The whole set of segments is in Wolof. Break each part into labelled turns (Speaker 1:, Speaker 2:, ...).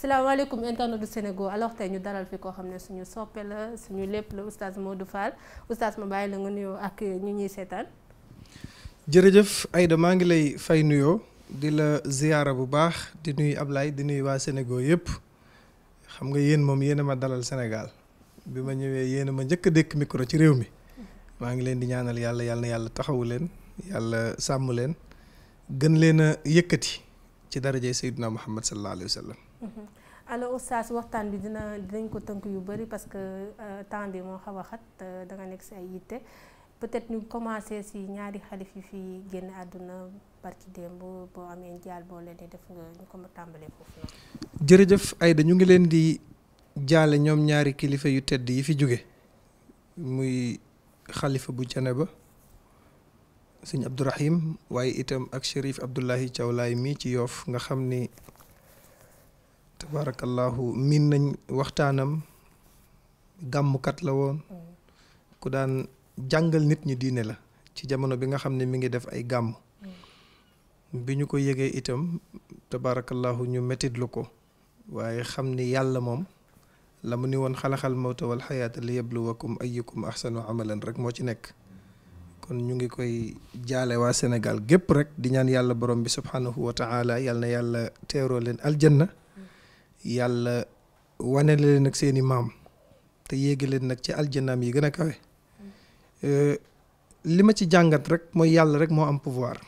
Speaker 1: salaamaaleykum internet du Sénégal alors ñu dalal fi koo xam ne suñu soppe la suñu lépp la oustaz Modou Fall oustaz ma bàyyi la nga nuyoo ak ñu ñuy seetaan.
Speaker 2: jërëjëf Aïda maa ngi lay fay nuyoo di la ziyaara bu baax di nuyu Ablaye di nuyu waa Sénégal yëpp xam nga yéen moom yéen a ma dalal Sénégal bi ma ñëwee yéen a ma njëkk a dékk micro ci réew mi maa ngi leen di ñaanal yàlla yàlla yàlla taxawu leen yàlla sàmm leen gën leen a ci darajay Seydina Muhammad sallallahu alayhi wa
Speaker 1: Mm-hmm. alors oustaz waxtaan bi dina dinañ ko tënk yu bari parce que euh, temps bi moo xaw xat euh, da nekk si ay yitte peut-être ñu commencé si ñaari xalif yi fi génn àdduna barki démb boo amee njaal boo leen def nga ñu ko tàmbalee foofu
Speaker 2: la. jërëjëf Aïda ñu ngi leen di jaale ñoom ñaari kilifa yu tedd yi fi jóge muy xalifa bu ba sëñ Abdourahim waaye itam ak Chérif Abdoulahi Thiaw Laay mii ci yoof nga xam ni. tabaarakallaahu miin nañ waxtaanam gàmmukat la woon ku daan jàngal nit ñi diine la ci jamono bi nga xam ne mi ngi def ay gàmm bi ñu ko yëgee itam tabaarakallaahu ñu metitlu ko waaye xam ni yàlla moom la mu ni woon xalaxal mawta wal xayaata li ayyukum ahsanu amalan rek moo ci nekk kon ñu ngi koy jaale waa senegal gépp rek di ñaan yàlla borom bi subhanahu wa yàlla na yàlla teeroo leen aljanna yàlla wane leen ak seeni maam te yéegi leen nag ci aljanaam yi gën a kawe euh, li ma ci jàngat rek mooy yàlla rek moo am pouvoir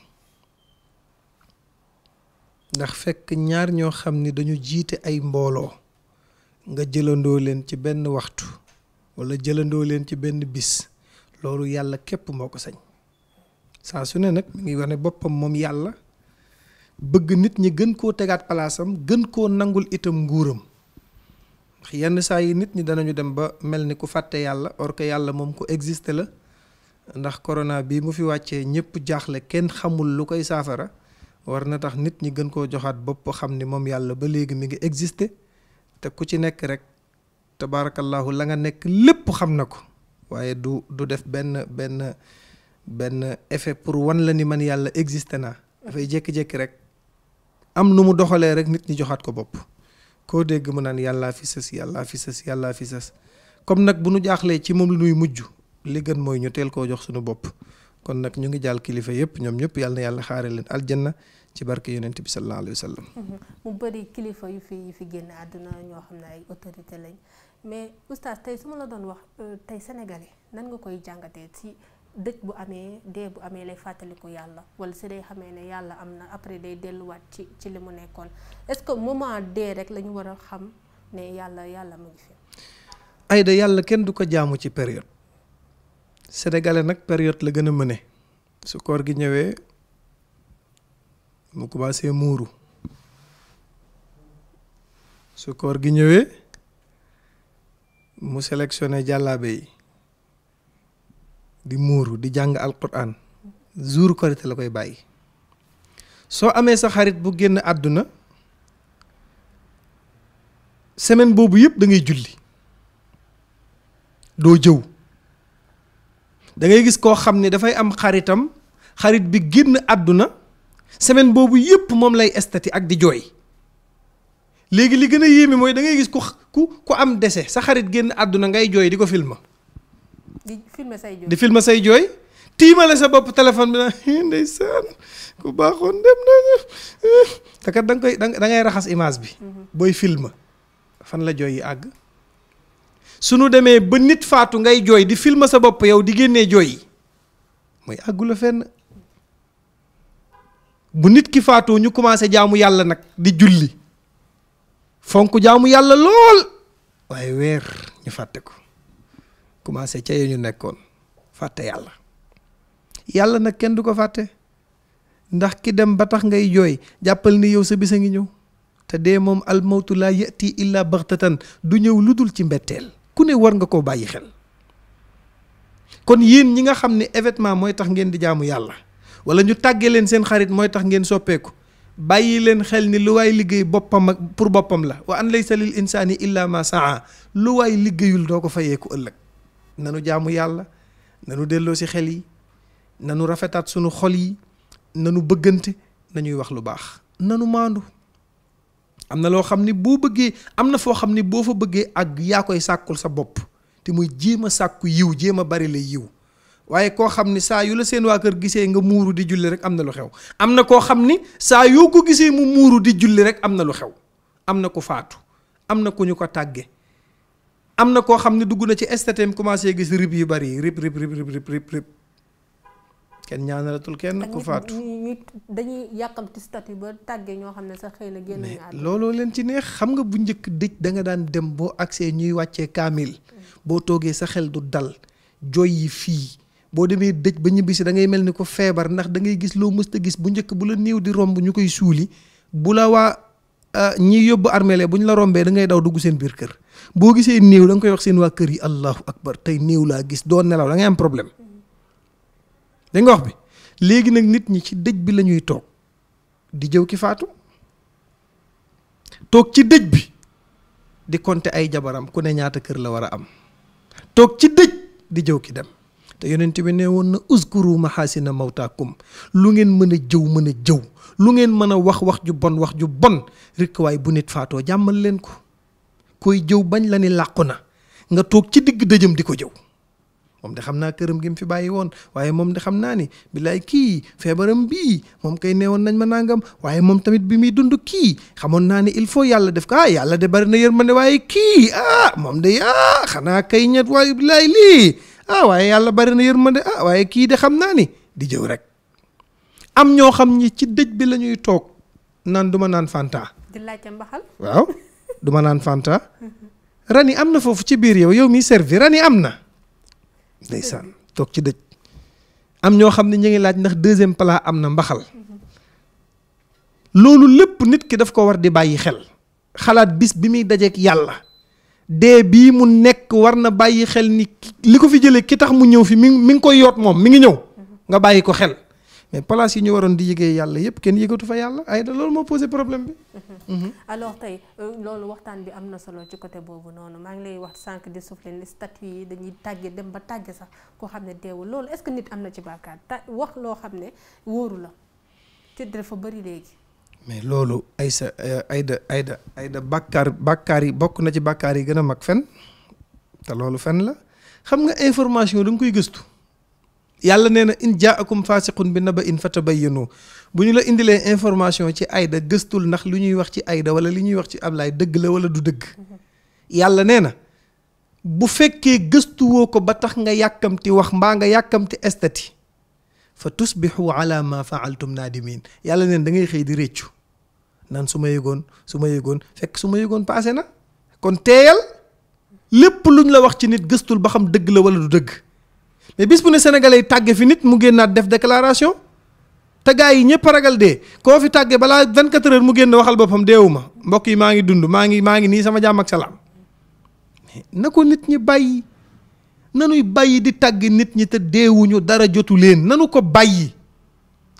Speaker 2: ndax fekk ñaar ñoo xam ni dañu jiite ay mbooloo nga jëlandoo leen ci benn waxtu walla jëlandoo leen ci benn bis loolu yàlla képp moo ko sañ saa su ne nag mu ngi wane boppam moom yàlla bëgg nit ñi gën koo tegaat palaasam gën koo nangul itam nguuram yenn saa yi nit ñi danañu dem ba mel ni ku fàtte yàlla or yàlla moom ku existé la ndax corona bi mu fi wàccee ñëpp jaaxle kenn xamul lu koy saafara war na tax nit ñi gën koo joxaat bopp xam ni moom yàlla ba léegi mi ngi existé te ku ci nekk rek tabaarakallaahu la nga nekk lépp xam na ko waaye du du def benn benn benn effet pour wan la ni man yàlla existé naa dafay jékki-jékki rek am nu mu doxalee rek nit ñi joxaat ko bopp koo dégg mu naan yàllaa fi sës yàllaa fi sës yàllaa fi sës comme nag bu nu jaaxlee ci moom lu nuy mujj li gën mooy ñu teel koo jox suñu bopp kon nag ñu ngi jàll kilifa yëpp ñoom ñëpp yàlla na yàlla xaare leen aljanna ci barke yonent bi sallallahu alayhi wa sallam
Speaker 1: mu bëri kilifa yu fi yu fi génn àdduna ñoo xam ne ay autorité lañ mais oustaz tey su ma la doon wax euh, tey sénégalais nan nga koy jàngatee ci dëj bu amee dee bu amee lay fàttaliku yàlla wala si day xamee ne yàlla am na après day delluwaat ci ci li mu nekkoon est-ce que moment dee rek lañu war a xam ne yàlla yàlla mu ngi fi.
Speaker 2: Aïda yàlla kenn du ko jaamu ci période sénégalais nag période la gën a mëne su koor gi ñëwee mu commencé muuru su koor gi ñëwee mu sélectionné jàllaabe yi. di muuru di jàng alquran jour korite la koy bàyyi soo amee sa xarit bu génn àdduna semaine boobu yëpp da ngay julli doo jëw da ngay gis koo xam ne dafay am xaritam xarit bi génn àdduna semaine boobu yëpp moom lay estati ak di jooy léegi li gën a yéeme mooy da ngay gis ku ku ku am dese sa xarit génn àdduna ngay jooy di ko filma
Speaker 1: di filmer say jooy di
Speaker 2: say jooy tiimale sa bopp téléphone bi na ndeysaan ku baaxoon dem nañu te kat da koy da ngay raxas image bi. Mhm. booy film fan la jooy yi àgg. su nu demee ba nit faatu ngay jooy di film sa bopp yow di génnee jooy yi mooy àggu la fenn. bu nit ki faatoo ñu commencé jaamu yàlla nag di julli fonk jaamu yàlla lool waaye weer ñu fàtte ko commencé ca yee ñu nekkoon fàtte yàlla yàlla nag kenn du ko fàtte ndax ki dem ba tax ngay jooy jàppal ni yow sa bis a ngi ñëw te dee moom al mawtu laa yati illa baxtatan du ñëw lu dul ci mbetteel ku ne war nga koo bàyyi xel kon yéen ñi nga xam ne événement mooy tax ngeen di jaamu yàlla wala ñu tàggee leen seen xarit mooy tax ngeen soppeeku bàyyi leen xel ni lu waay liggéey boppam ak pour boppam la wa an laysa lil insaani illa ma saa lu waay liggéeyul doo ëllëg nanu jaamu yàlla nanu delloo si xel yi nanu rafetaat sunu xol yi nanu bëggante nañuy wax lu baax nanu maandu am na loo xam ni boo bëggee am na foo xam ni boo fa bëggee ak yaa koy sàkkul sa bopp te muy jéem a sàkku yiw jéem a bari la yiw waaye koo xam ni saa yu la seen waa kër gisee nga muuru di julli rek am na lu xew am na koo xam ni saa yoo ko gisee mu muuru di julli rek am na lu xew am na ku faatu am na ku ñu ko tàgge am na koo xam ne dugg na ci STM commencé gis rib yu bari rib rib rib rib rib rib kenn ñaanalatul kenn ku faatu.
Speaker 1: dañuy yàkkamti statut ba tàggee ñoo xam ne sax xëy na génn
Speaker 2: looloo leen ci neex xam nga bu njëkk dëj da nga daan dem boo agsee ñuy wàccee kaamil. boo toogee sa xel du dal jooy yi fii. boo demee dëj ba ñibbisi da ngay mel ni ko feebar ndax da gis loo mësta gis bu njëkk bu la néew di romb ñu koy suuli bu la waa ah, ñiy yóbbu armele bu ñu la rombee da ngay daw dugg seen biir kër boo gisee néew da nga koy wax seen waa kër yi allahu akbar tey néew laa gis doo nelaw da am problème da wax bi léegi nag nit ñi ci dëj bi lañuy toog di jëw ki faatu toog ci dëj bi di konte ay jabaram ku ne ñaata kër la war a am toog ci dëj di jëw ki dem te yonent bi ne woon na uskuru mahasina mawtaakum lu ngeen mën a jëw mën a jëw lu ngeen mën a wax wax ju bon wax ju bon rekk waaye bu nit faatoo jàmmal leen ko koy jëw bañ la ni làqu na nga toog ci digg dëjëm di ko jëw moom de xam naa këram gi mu fi bàyyi woon waaye moom de xam naa ni billaay kii feebaram bii moom kay neewoon nañ ma nangam waaye moom tamit bi muy dund kii xamoon naa ni il faut yàlla def ko ah yàlla de bari na yërmande waaye kii ah moom ah, xanaa kay ñet ah, waaye yàlla bari na yërmande ah waaye kii de xam naa ni di jëw rek am ñoo xam ñi ci dëj bi la ñuy toog naan duma naan Fanta.
Speaker 1: di laajte mbaxal
Speaker 2: waaw. du ma naan Fanta. rani am na foofu ci biir yow yow miy servir rani am na. ndeysaan toog ci dëj. am ñoo xam ne ñu ngi laaj ndax deuxième plat am na mbaxal. loolu lépp nit ki daf ko war di bàyyi xel. xalaat bis bi muy dajeek yàlla. dee bii mu nekk war na bàyyi xel ni li ko fi jëlee ki tax mu ñëw fi mi mi ngi koy yoot moom mi ngi ñëw. nga bàyyi ko xel. mais place yi ñu waroon di yëgee yàlla yëpp kenn yëgatu fa yàlla ay da loolu moo posé problème bi. Mhm. Mhm.
Speaker 1: alors tey euh, loolu waxtaan bi am na solo ci côté boobu noonu maa ngi lay wax sànq di suuf leen dañuy tàgge dem ba tàgge sax koo xam ne deewul loolu est-ce que nit am na ci bàkkaar wax loo xam ne wóoru la te fa bëri léegi.
Speaker 2: mais loolu ay sa euh, ay da ay da ay da bàkkaar bàkkaar yi bokk na ci bàkkaar yi gën a mag fen te loolu fen la xam nga information da nga koy gëstu. yàlla nee na in jaakum faasiqun bi naba in fatabayyanu bu ñu la indilee information ci ayda gëstul ndax lu ñuy wax ci ayda wala li ñuy wax ci Ablaye dëgg la wala du dëgg yàlla nee na bu fekkee gëstuwoo ko ba tax nga yàkkamti wax mbaa nga yàkkamti estati fa tusbixu ala ma faaltum naadimin yàlla neen da ngay di réccu naan su ma yëgoon su ma yëgoon fekk su ma yëgoon passé na kon teeyal lépp luñ la wax ci nit gëstul ba xam dëgg la wala du dëgg mais bis bu ne sénégalais tàggee fi nit mu génnaat def déclaration te gars yi ñëpp ragal dee koo fi tàggee balaa 24 heures mu génn waxal boppam deewuma mbokk yi maa ngi dund maa ngi maa ngi nii sama jàmm ak salaam na ko nit ñi bàyyi nanuy bàyyi di tàgg nit ñi te deewuñu dara jotu leen nanu ko bàyyi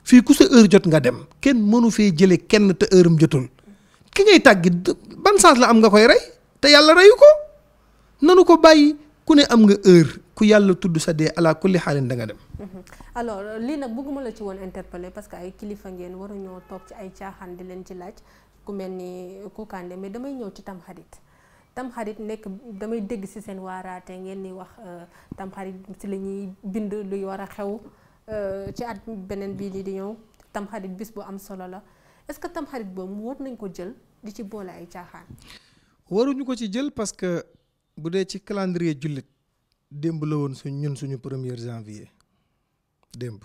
Speaker 2: fii ku sa heure jot nga dem kenn mënu fee jële kenn te heure am jotul ki ngay tàggi ban sens la am nga koy rey te yàlla reyu ko nanu ko bàyyi ku ne am nga heure ku yàlla tudd sa dee ala kulli xaalin da nga dem.
Speaker 1: Mhm. alors lii nag bëgguma la ci woon interpeller parce que ay kilifa ngeen waruñoo toog ci ay caaxaan di leen ci laaj ku mel ni Kounkandé mais damay ñëw ci tamxarit tamxarit nekk damay dégg si seen waaraate ngeen ni wax euh, tamxarit ci la ñuy bind luy war a xew euh, ci at beneen bii li di ñëw tamxarit bis bu am solo la est-ce que tamxarit boobu war nañ ko jël di ci boole ay caaxaan.
Speaker 2: waruñu ko ci jël parce que bu dee ci calendrier jullit. démb la woon suñ ñun suñu première janvier démb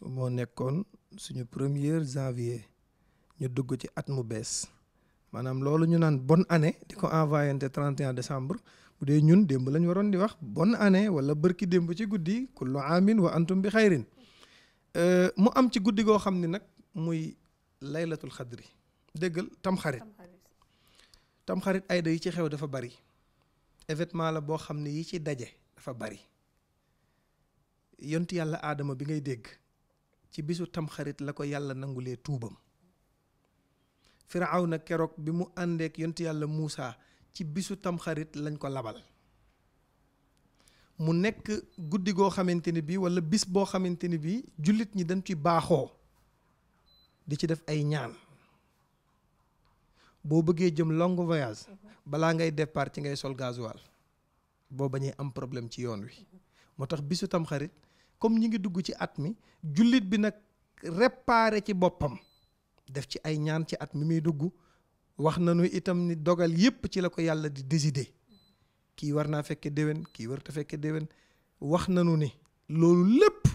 Speaker 2: moo nekkoon suñu première janvier ñu dugg ci at mu bees maanaam loolu ñu naan bon année di ko envoyé te 31 décembre bu dee ñun démb la ñu waroon di wax bonne année wala bërki démb ci guddi kullu amin wa antum bi xayrin euh, mu am ci guddi koo xam ni nag muy laylatul xadri déggal tam xarit tam yi ci xew dafa bari événement la boo xam ne yi ci daje dafa bari yontu yàlla aadama bi ngay dégg ci bisu tamxarit la ko yàlla nangulee tuubam firaaw na keroog bi mu àndeek yontu yàlla Muusa ci bisu tamxarit lañ ko labal mu nekk guddi goo xamante ni bii walla bis boo xamante ni bii jullit ñi dañ ci baaxoo di ci def ay ñaan boo bëggee jëm long voyage mhm. balaa ngay départ ci ngay sol gasoil boo bañee am problème ci yoon wi moo tax bisu tam xarit comme ñi ngi dugg ci at mi jullit bi nag réparé ci boppam def ci ay ñaan ci at mi muy dugg wax nanu itam ni dogal yépp ci la ko yàlla di décider kii war naa fekke déwén kii warta fekke déwén wax nañu ni loolu lépp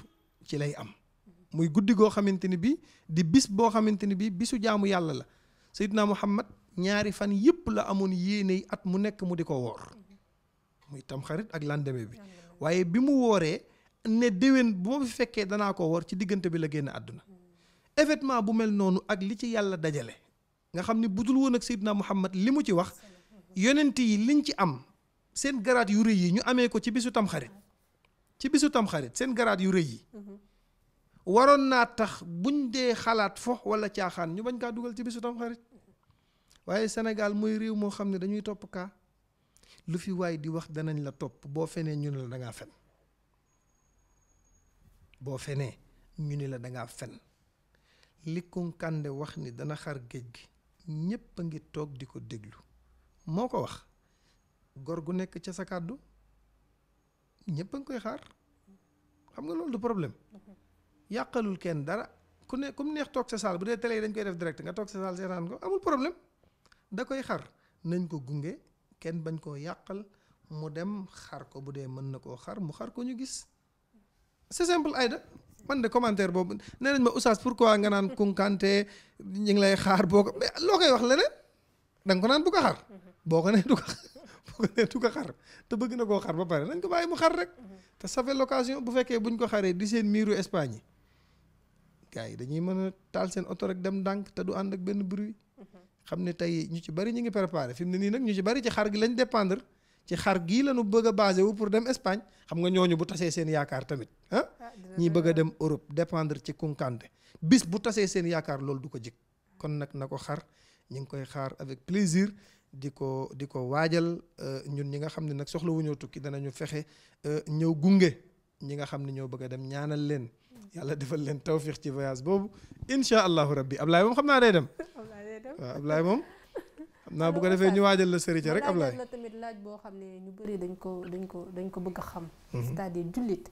Speaker 2: ci lay am mhm. muy guddi goo xamante ni bi di bis boo xamante ni bi bisu jaamu yàlla la Seydina Muhammad ñaari fan yëpp la amoon yéene at mu nekk mu di ko woor muy tamxarit ak lendemain bi waaye bi mu wooree ne déwén bu ma fi fekkee danaa ko woor ci diggante bi la génn àdduna événement bu mel noonu ak li ci yàlla dajale nga xam ne dul woon ak Seydina Muhammad li mu ci wax yonent yi liñ ci am seen garaat yu rëy yi ñu amee ko ci bisu tamxarit ci bisu tamxarit seen garaat yu rëy yi mhm. waroon naa tax buñ dee xalaat fo wala caaxaan ñu bañ kaa dugal ci bisu tamxarit waaye Sénégal muy réew moo xam ne dañuy topp kaa lu fi waay di wax danañ la topp boo fenee ñu ne la dangaa fen boo fenee ñu ne la dangaa fen li Kunkande wax ni dana xar géej gi ñépp ngi toog di ko déglu moo ko wax gor gu nekk ca sa kàddu ñépp a ngi koy xaar xam nga loolu du problème yàqalul kenn dara ku ne ku neex toog sa saal bu dee télé yi dañ koy def direct nga toog sa saal seetaan ko amul problème da koy xar nañ ko gunge kenn bañ koo yàqal mu dem xar ko bu dee mën na koo xar mu xar ko ñu gis c'est simple man de commentaire boobu nee nañ ma oustaz pourquoi nga naan kunkante ñu ngi lay xaar boo ko loo koy wax leneen da ko naan bu ko xar boo ko nee te bëgg na koo xar ba pare nañ ko bàyyi mu xar rek te ça fait l'occasion bu fekkee ko xaree di seen miiru Espagne gars yi dañuy mën a taal seen oto rek dem ndànk te du ànd ak benn bruit. Mhm. xam ne tey ñu ci bari ñu ngi préparé fi mu ne nii nag ñu ci bari ci xar gi lañ dépendre ci xar gii la ñu bëgg basé wu pour dem Espagne xam nga ñooñu bu tasee seen yaakaar tamit ah. ñi bëgg a dem Europe dépendre ci Kounkandé bis bu tasee seen yaakaar loolu du ko jik kon nag na ko xar ñu ngi koy xaar avec plaisir. di ko di ko waajal euh, ñun ñi nga xam ne nag soxlawuñoo tukki danañu fexe euh, ñëw gunge ñi nga xam ne ñoo bëgg a dem ñaanal leen yàlla defal leen tawfiix ci voyage boobu incha allahu rabbi Ablaye moom xam naa day dem waaw Ablaye moom xam naa bu ko defee ñu waajal la sëriñ rek Ablaye la
Speaker 1: tamit laaj boo xam ne ñu bëri dañ ko dañ ko dañ ko bëgg a xam mhm. c'est-à-dire jullit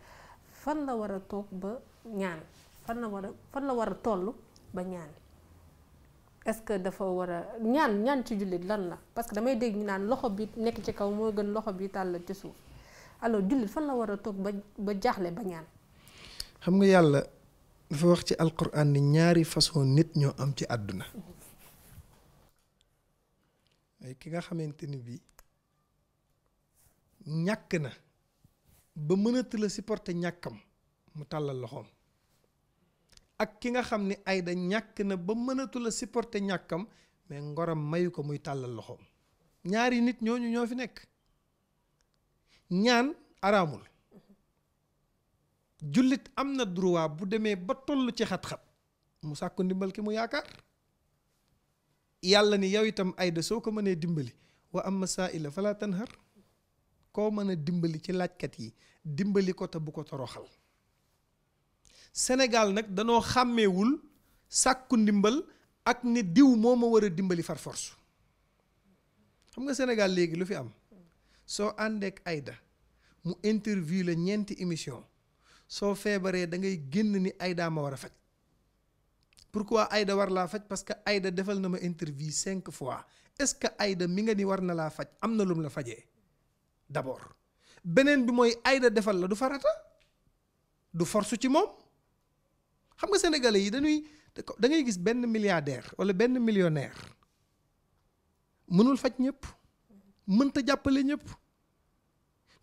Speaker 1: fan la war a toog ba ñaan fan la war a fan la war a toll ba ñaan est-ce que dafa war ñaan ñaan ci jullit lan la parce que damay dégg ñu naan loxo bi nekk ci kaw moo gën loxo bi tàll ci suuf alors jullit fan la war a toog ba ba jaaxle ba ñaan.
Speaker 2: xam nga yàlla dafa wax ci alquran ni ñaari façon nit ñoo am ci àdduna. ay ki nga xamante ni bii ñàkk na ba mënatu la supporter ñàkkam mu tàllal loxoom ak ki nga xam ni Aida ñàkk na ba mënatu la ñàkkam mais ngoram mayu ko muy tàllal loxoom ñaari nit ñooñu ñoo fi nekk. ñaan araamul jullit am na droit bu demee ba toll ci xat-xat mu sàkku ndimbal ki mu yaakaar yàlla ni yow itam ayda soo ko mënee dimbali wa amma saaila fala tanhar koo mën a dimbali ci laajkat yi dimbali ko te bu ko toroxal Sénégal nag danoo xàmmewul sàkku ndimbal ak ni diw moo ma war dimbali far force xam nga Sénégal léegi lu fi am soo àndeek ayda mu interview la ñeenti émission soo feebaree da ngay génn ni Aïda ma war a faj pour pourquoi Aïda war laa faj parce que Aïda defal na ma interview cinq fois est-ce que Aïda mi nga ni war na laa faj am na lum la fajee d'abord beneen bi mooy ayda defal la du farata du force ci moom xam nga sénégalais yi dañuy da ngay gis benn milliardaire wala benn millionnaire mënul faj ñëpp mënta jàppale ñëpp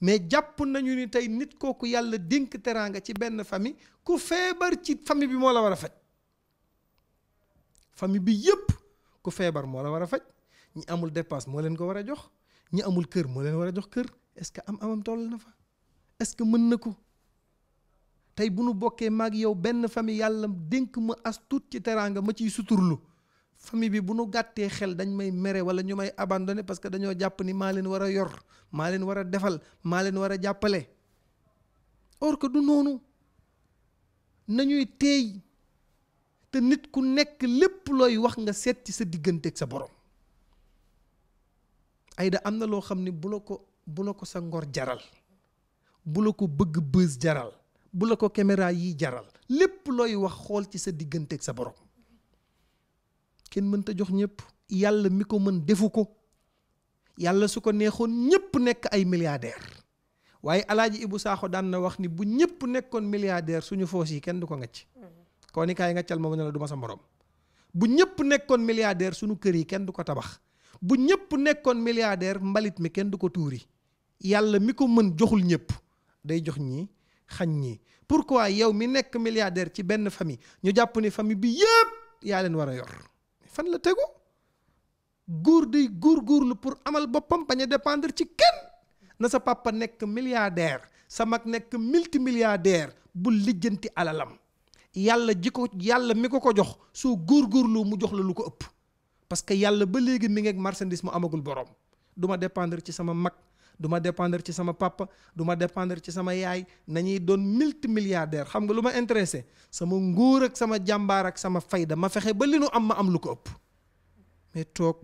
Speaker 2: mais jàpp nañu ni tey nit kooku yàlla dénk teraanga ci benn famille ku feebar ci famille bi moo la war a faj famille bi yëpp ku feebar moo la war a faj ñi amul dépense moo leen ko war a jox ñi amul kër moo leen war a jox kër est-ce que am amam toll na fa est-ce que mën na ko tey bu nu bokkee mag yow benn famille yàlla dénk ma as tuut ci teraanga ma ciy suturlu famille bi bu nu gàttee xel dañ may mere wala ñu may abandonné parce que dañoo jàpp ni maa leen war a yor maa leen war a defal maa leen war a jàppale or que du noonu nañuy teey te nit ku nekk lépp looy wax nga seet ci sa digganteeg sa borom ayda am na loo xam ni bu la ko bu la ko sa ngor jaral bu la ko bëgg bës jaral bu la ko caméra yi jaral lépp looy wax xool ci sa digganteeg sa borom kenn mënta jox ñëpp yàlla mi ko mën defu ko yàlla su ko neexoon ñëpp nekk ay milliardaire waaye alaaji Ibu Saaxo daan na wax ni bu ñëpp nekkoon milliardaire suñu foos yi kenn du ko ngacc mm-hmm. koo ni kaay ngaccal ma ne la du morom bu ñëpp nekkoon milliardaire suñu kër yi kenn du ko tabax bu ñëpp nekkoon milliardaire mbalit mi kenn du ko tuuri yàlla mi ko mën joxul ñëpp day jox ñi xañ ñi pourquoi yow mi nekk milliardaire ci benn famille ñu jàpp ni famille bi yëpp yaa leen war a yor fan la tegu góor góor góorgóorlu pour amal boppam bañ a dépendre ci kenn na sa papa nekk milliardaire sa mag nekk milti multimilliardaire bu lijjanti alalam yàlla ji ko yàlla mi ko ko jox soo góorlu mu jox la lu ko ëpp parce que yàlla ba léegi mi ngeeg marchandise mu amagul borom duma ma dépendre ci sama mag du ma dépendre ci sama papa duma ma dépendre ci sama yaay nañuy doon multimilliardaire xam nga lu ma intéressé sama nguur ak sama jàmbaar ak sama fayda ma fexe ba li nu am ma am lu ko ëpp mais toog.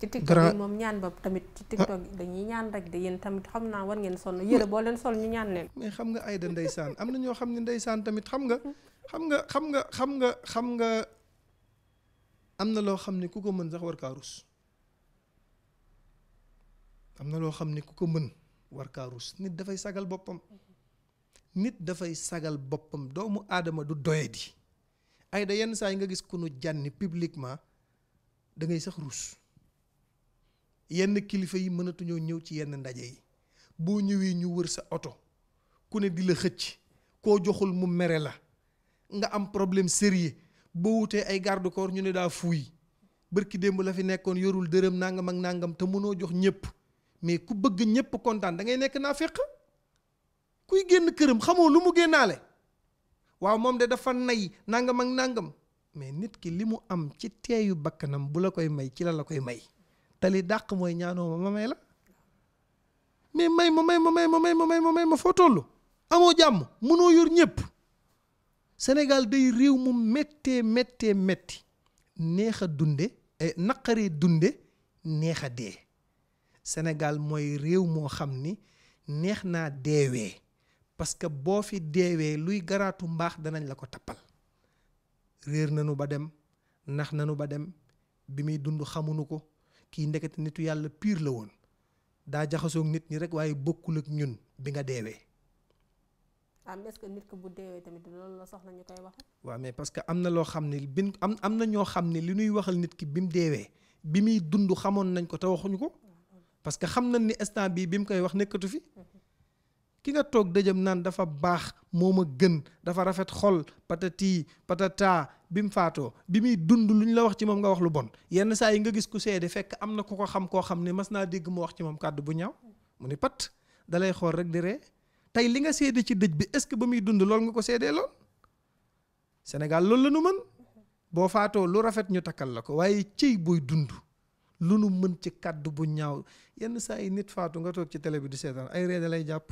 Speaker 1: ci TikTok moom ñaan ba tamit ci ah. TikTok dañuy ñaan rek de yéen tamit xam naa war ngeen sonn yére boo leen sol ñu ñaan leen.
Speaker 2: mais xam nga Aïda ndeysaan am na ñoo xam ne ndeysaan tamit xam nga. xam nga xam nga xam nga xam nga am na loo xam ne ku ko mën sax war kaa rus. xam na loo xam ne ku ko mën war kaa nit dafay sagal boppam nit dafay sagal boppam doomu aadama du doyadi ay da yenn saa yi nga gis ku nu jànni publiquement da ngay sax rus yenn kilifa yi mënatuñoo ñëw ci yenn ndaje yi boo ñëwee ñu wër sa oto ku ne di la xëcc koo joxul mu mere la nga am problème sérieux boo wutee ay garde ñu ne daa fuuy bërki démb la fi nekkoon yorul dërëm nangam ak nangam te mënoo jox ñëpp mais ku bëgg ñëpp kontaan dangay nekk naa féq kuy génn këram xamoo lu mu génnaale waaw moom de dafa nay nangam ak nangam mais nit ki li mu am ci teeyu bakkanam bu la koy may ci la la koy may te li dàq mooy ñaanoo ma may la mais may ma may ma may ma may ma may ma may ma foo toll amoo jàmm mënoo yor ñëpp Sénégal day réew mu méttee méttee métti neex a dunde eh, naqaree dunde neex a dee Sénégal mooy réew moo xam ni neex naa deewee parce que boo fi deewee luy garaatu mbaax danañ la ko tappal réer nanu ba dem nax nanu ba dem bi muy dund xamunu ko kii ndekete nitu yàlla piir la woon daa jaxasoog nit ñi rek waaye bokkul ak ñun bi nga deewee.
Speaker 1: am ah, est que nit bu deewee tamit la soxla ñu koy wax.
Speaker 2: mais parce que am na loo xam ne bin am am na ñoo xam ne li ñuy waxal nit ki bi mu deewee bi muy dund xamoon nañ ko te waxuñu ko. parce que xam nañ ni instant bii bi mu koy wax nekkatu fi ki nga toog dëjëm naan dafa baax moo ma gën dafa rafet xol patati patata bi mu faatoo bi muy dund lu ñu la wax ci moom nga wax lu bon yenn saa yi nga gis ku seede fekk am na ku ko xam koo xam ne mas naa dégg mu wax ci moom kàddu bu ñaaw mu ni pat dalay xool rek di ree tey li nga seede ci dëj bi est-ce que ba muy dund lool nga ko seedee lool Sénégal loolu la nu mën boo faatoo lu rafet ñu takkal la ko waaye cëy booy dund lu nu mën ci kàddu bu ñaaw yenn saa yi nit faatu nga toog ci télé bi di seetaan ay reede lay jàpp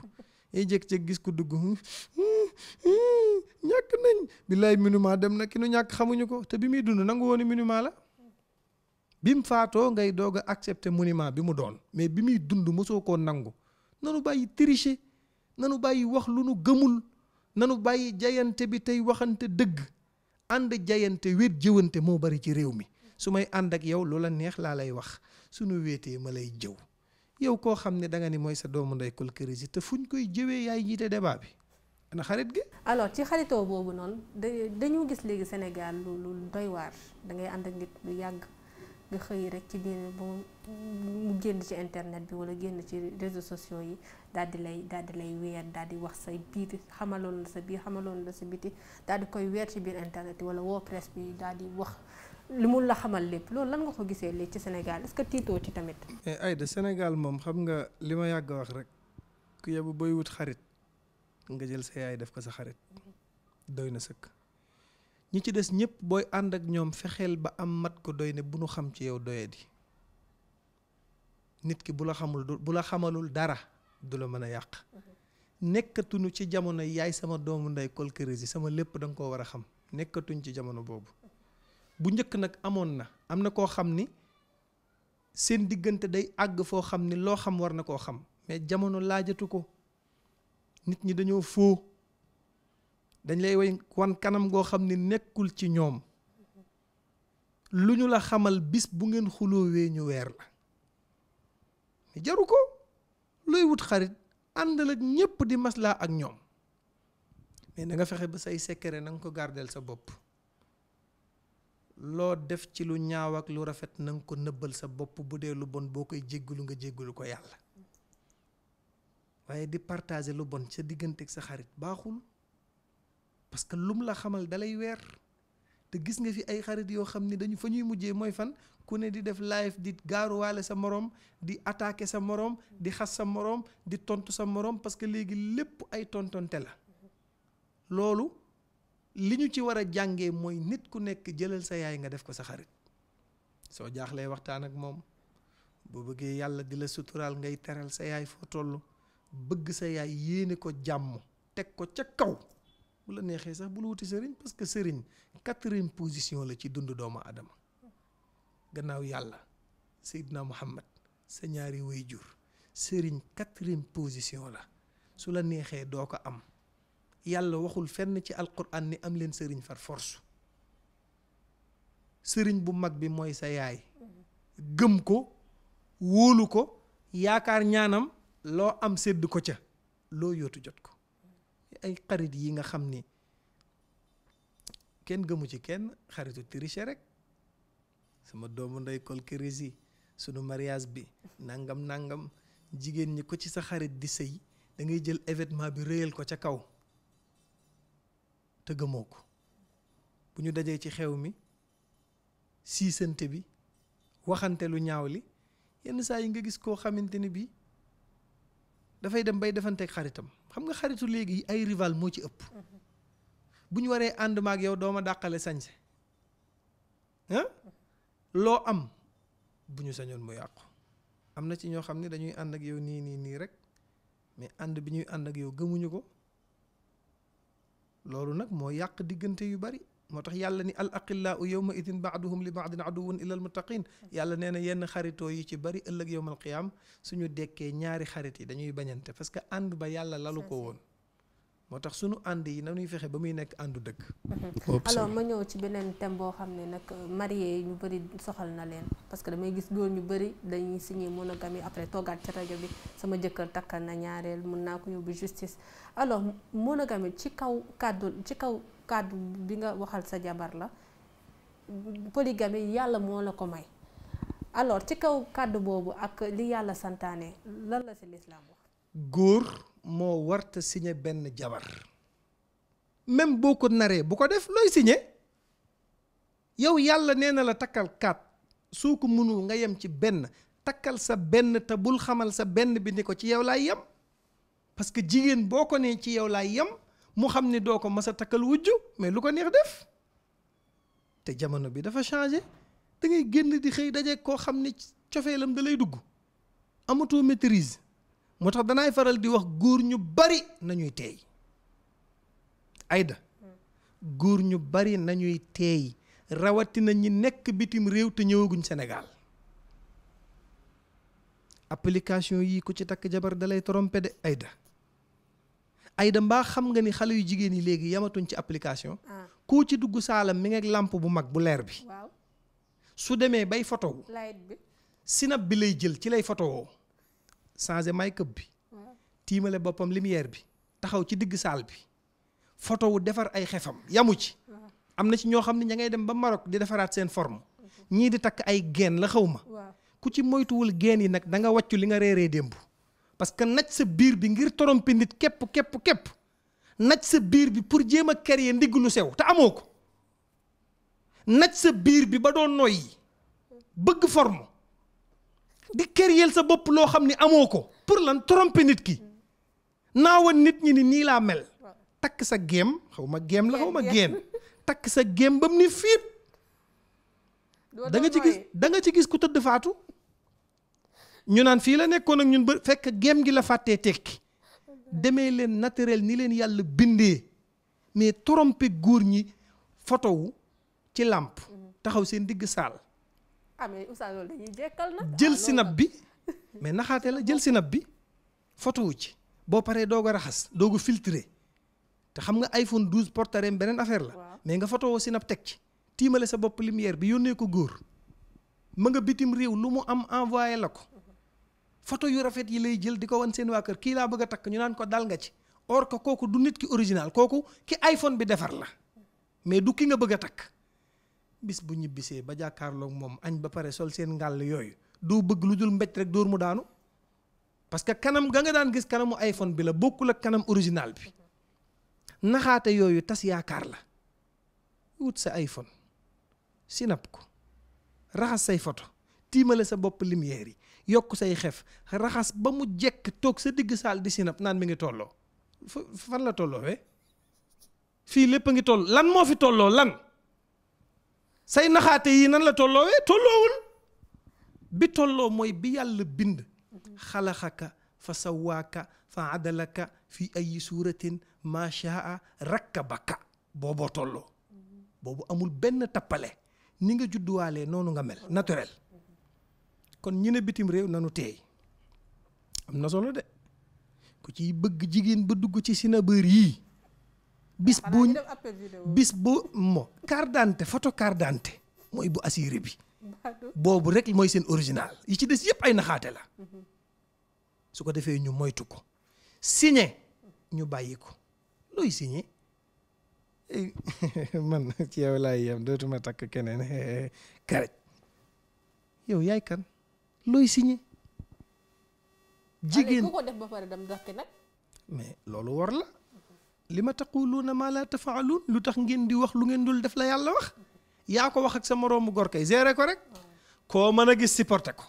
Speaker 2: ay jékki jékki gis ku dugg hmm, hmm, hmm, ñàkk nañ billaay monument dem na ki nu ñàkk xamuñu ko te bi muy dund nangu woon monument la bi mu faatoo ngay doog a accepter bi mu doon mais bi muy dund mosoo koo nangu nanu bàyyi tricher nanu bàyyi wax lu nu gëmul nanu bàyyi jayante bi tey waxante dëgg ànd jayante wéet jëwante moo bari ci réew mi su may ànd ak yow loolu a neex laa lay wax suñu wéetee ma lay jëw yow koo xam ne danga nga ni mooy sa doomu ndey kolkërisi te fuñ koy jëwee yaay jiite débat bi na xarit gi
Speaker 1: alors ci xaritoo boobu noonu da dañu gis léegi Sénégal lu lu doy waar da ànd ak nit lu yàgg nga xëy rek ci biir mu génn ci internet bi wala génn ci réseaux sociaux yi daal di lay daal di lay weer daal di wax say biir xamaloon la sa biir xamaloon la sa biti daal di koy weer ci biir internet yi wala woo presse bi daal di wax li mu la xamal lépp loolu lan nga ko gisee léegi ci Sénégal est-ce tiitoo ci tamit.
Speaker 2: Eh, Aïda Sénégal moom xam nga li ma yàgg wax rek ku yebu booy wut xarit nga jël sa yaay def ko sa xarit doy na sëkk ñi ci des ñëpp booy ànd ak ñoom fexeel ba am mat ko doy ne bu nu xam ci yow doyadi nit ki bu la xamul bu la xamalul dara du la mën a yàq nekkatuñu ci jamono yaay sama doomu ndey kolkërés yi sama lépp danga nga koo war a xam nekkatuñ ci jamono boobu. bu njëkk nag amoon na am na koo xam ni seen diggante day àgg foo xam ni loo xam war na koo xam mais jamono laajatu ko nit ñi dañoo foo dañ lay way wan kanam goo xam ni nekkul ci ñoom lu ñu la xamal bis bu ngeen xuloo wee ñu weer la mais jaru ko looy wut xarit àndal ak ñépp di maslaa ak ñoom mais na nga fexe ba say secret na nga ko gardeel sa bopp loo def ci lu ñaaw ak lu rafet na nga ko nëbbal sa bopp bu dee lu bon boo koy jéggalu nga jéggalu ko yàlla waaye di partager lu bon sa diggante ak sa xarit baaxul parce que lum la xamal dalay weer te gis nga fi ay xarit yoo xam ni dañu fa ñuy mujjee mooy fan ku ne di def live di gaaruwaale sa moroom di attaquer sa moroom di xas sa moroom di tontu sa moroom parce que léegi lépp ay tontonte la loolu li ñu ci war a jàngee mooy nit ku nekk jëlal sa yaay nga def ko sa xarit soo jaaxlee waxtaan ak moom boo bëggee yàlla di la suturaal ngay teral sa yaay foo toll bëgg sa yaay yéene ko jàmm teg ko ca kaw bu la neexee sax bu la wuti sëriñ parce que sëriñ quatrième position la ci dund doomu adama gannaaw yàlla Seydina Muhammad sa ñaari way jur sëriñ quatrième position la su la neexee doo ko am yàlla waxul fenn ci alquran ni am leen sëriñ far force sëriñ bu mag bi mooy sa yaay gëm ko wóolu ko yaakaar ñaanam loo am sédd ko ca loo yootu jot ko ay xarit yi nga xam ni kenn gëmu ci kenn xaritu triche rek sama doomu ndey kol kirisi sunu mariage bi nangam nangam jigéen ñi ko ci sa xarit di sëy dangay jël événement bi réyal ko ca kaw te gëmoo ko bu ñu dajee ci xew mi siisante bi waxante lu ñaaw li yenn saa yi nga gis koo xamante ne bii dafay dem bay defanteeg xaritam xam nga xaritu léegi ay rival moo ci ëpp bu ñu waree ànd maag yow dooma dàqale sañse ah loo am bu ñu sañoon mu yàqu am na ci ñoo xam ne dañuy ànd ak yow nii nii nii rek mais ànd bi ñuy ànd ak yow gëmuñu ko loolu nag moo yàq diggante yu bari moo tax yàlla ni al aqillaau yawma idin baaduhum li baadin aduwun ila al muttaqin yàlla nee na yenn xaritoo yi ci bari ëllëg yowmal qiyaam suñu dekkee ñaari xarit yi dañuy bañante parce que ànd ba yàlla lalu ko woon moo tax sunu ànd yi nanuy fexe ba muy nekk àndu dëkk. Mhm. alors
Speaker 1: ma ñëw ci beneen thème boo xam ne nag marié yi ñu bëri soxal na leen parce que damay gis góor ñu bëri dañuy signé monogamie après toogaat ci rajo bi sama jëkkër takkal na ñaareel mun naa ko yóbbu justice alors monogamie ci kaw kàddu ci kaw kàddu bi nga waxal sa jabar la polygamie yàlla moo la ko may alors ci kaw kàddu boobu ak li yàlla santaane lan la si lislaam
Speaker 2: wax moo warta signé benn jabar même boo ko naree bu ko def looy signé yow yàlla nee na la takkal kaat soo ko mënul nga yem ci benn takkal sa benn te bul xamal sa benn bi ni ko ci yow laay yem parce que jigéen boo ko nee ci yow laay yem mu xam ni doo ko mas a takkal wujju mais lu ko neex def te jamono bi dafa changé da ngay génn di xëy daje koo xam ni cofeelam da lay dugg amatoo maîtrise moo tax danaay faral di wax góor ñu bari nañuy teey ayda góor ñu bari nañuy teey rawatina ñi nekk bitim réew te ñëwaguñ senegaal application yii ku ci takk jabar dalay trompé de ayda ayda mbaa xam nga ni xale yu jigéen yi léegi yamatuñ ci application ah. koo ci dugg saalam mi ngi làmp bu mag bu leer bi su demee bay photo wu sinap bi lay jël ci lay photo changé make-up bi tiimale boppam lumière bi taxaw ci digg saal bi photo wu defar ay xefam yamu ci am na ci ñoo xam ne ña ngay dem ba Maroc di defaraat seen forme ñii di takk ay geen la xaw ma ku ci moytuwul geen yi nag da nga wàccu li nga reeree démb parce que naj sa biir bi ngir torompi nit képp képp képp naj sa biir bi pour jéem a créer ndigg lu sew te amoo ko naj sa biir bi ba doon noyyi bëgg forme di kéréel sa bopp loo xam ni amoo ko pour lan tromper nit ki naawoon nit ñi ni nii laa mel takk sa géem xaw ma géem la xaw ma géem takk sa géem bam ni fiip da nga ci gis ci gis ku tëdd faatu ñu naan fii la nekkoon ak ñun ba fekk géem gi la fàttee tekki demee leen naturel ni leen yàlla bindee mais tromper góor ñi photo ci làmp mm. taxaw seen digg saal
Speaker 1: ah mais Oustaz loolu dañuy jekkal jël
Speaker 2: ah, sinab bi mais naxaate la jël sinab bi photo ci boo paree doog a raxas doog a filtré te xam nga iPhone 12 portareem beneen affaire la. mais nga photo sinap teg ci. tiimale sa bopp lumière bi yónnee ko góor ma nga bitim réew lu mu am envoyé la ko photo yu rafet yi lay jël di ko wan seen waa kër kii laa bëgg a takk ñu naan ko dal nga ci or ko kooku du nit ki original kooku ki iPhone bi defar la mais du ki nga bëgg a takk. bis bu ñibbisee ba jàkkaarloog moom añ ba pare sol seen ngàll yooyu doo bëgg lu dul mbéj rek dóor mu daanu parce que kanam ga nga daan gis kanamu iPhone bi la bokkul ak kanam original bi naxaate yooyu tas yaakaar la wut sa iPhone sinap ko raxas say photo tiimale sa bopp lumière yi yokk say xef raxas ba mu jekk toog sa digg saal di sinap naan bi ngi tolloo fan la tolloo we eh? fii lépp a ngi toll lan moo fi tolloo lan say naxaate yii nan la tolloo tolloowul bi tolloo mooy bi yàlla bind xalaxaka fa sawaaka fa adalaka fi ay suuratin ma shaa rakkabaka booboo tolloo boobu amul benn tappale ni nga judduwaalee noonu nga mel naturel kon ñu ne bitim réew nanu teey am na solo de ku ci bëgg jigéen ba dugg ci sinabar yii bis boo bis boo mo carte d'identité photo carte d'identité mooy bu assuré bi boobu rek mooy seen original yi ci des yëpp ay naxaate la mhm. su ko defee ñu moytu ko signé ñu bàyyi ko looy signé eh, man ci yow laay yem dootuma takk keneen karaj yow yaay kan looy signé jigéen
Speaker 1: def ba pare dem dakk nag
Speaker 2: mais loolu war li ma lu taquluuna maa laa tafaaluun lu tax ngeen di wax lu ngeen dul def la yàlla wax yaa ko wax ak sa moroomu gor kay gérer ko rek koo mën a gis supporté ko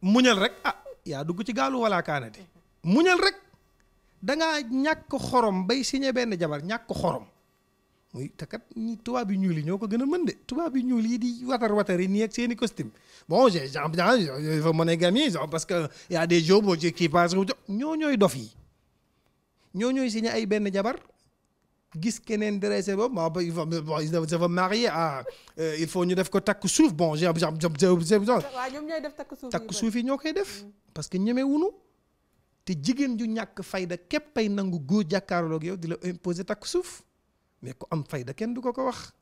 Speaker 2: muñal rek ah yaa dugg ci gaalu wala kaanati muñal rek dangaa ñàkk xorom bay signé benn jabar ñàkk xorom muy te kat ñi tubaab yu ñuul yi ñoo ko gën a mën de tubaab yu ñuul yi di watar watar yi nii ak seeni costume bon j'ai j'ai monogamie parce que y a des jours qui passent ñoo ñooy dof yi ñoo ñooy signé ay benn jabar gis keneen dressé boobu ma ba va se va marier ah, euh, il faut ñu def ko takk suuf bon j' ai j' ñoom
Speaker 1: ñooy def takk suuf yi takk suuf
Speaker 2: ñoo koy def. Mm. parce que ñeme wunu te jigéen ju ñàkk fayda képp ay nangu góor jàkkaarloog yow di la imposer takk suuf mais ku am fayda kenn du ko ko wax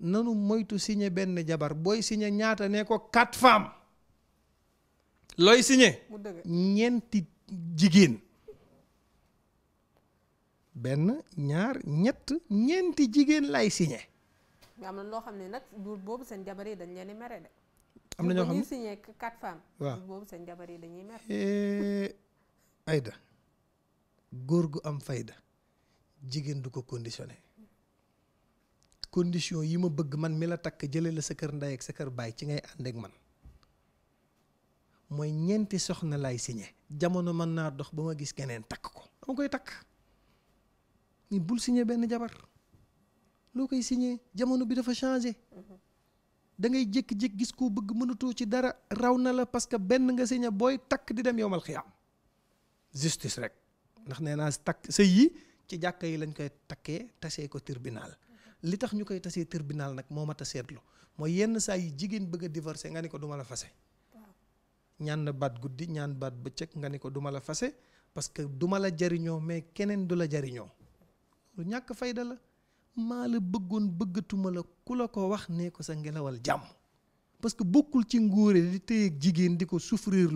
Speaker 2: nanu moytu signé benn jabar booy siñe ñaata ne ko quatre femmes looy signé. ñeenti jigéen. benn ñaar ñett ñeenti jigéen lay signé.
Speaker 1: am na loo xam ne nag jour boobu seen jabar yi dañ leen di mere de. am na ñoo xam ne signé quatre waaw boobu seen jabar yi dañuy mere.
Speaker 2: Eh, Aïda góor gu am fayda jigéen du ko conditionne condition yi ma bëgg man mi la takk jële la sa kër ndey ak sa kër baay ci ngay ànd ak man mooy ñeenti soxna lay signé jamono mën naa dox ba ma gis keneen takk ko dama koy takk. mais bul signé benn jabar loo koy signé jamono bi dafa changé da ngay jékki gis ko bëgg mënatoo ci dara raw na la parce que benn nga signé booy takk di dem yowmal xiyaam justice rek ndax nee naa takk sëy yi ci jàkka yi lañ koy takkee tasee ko tribunal li tax ñu koy tasee tribunal nag moo mat a seetlu mooy yenn saa yi jigéen bëgg a divorcé nga ni ko duma la fase ñaan na baat guddi ñaan baat bëccëg nga ni ko duma la fase parce que duma la jariñoo mais keneen du la jariñoo lu ñàkk fayda la maa la bëggoon bëggatuma la ku la ko wax nee ko sa ngelawal jàmm parce que bokkul ci ngóore di téyeeg jigéen di ko souffrir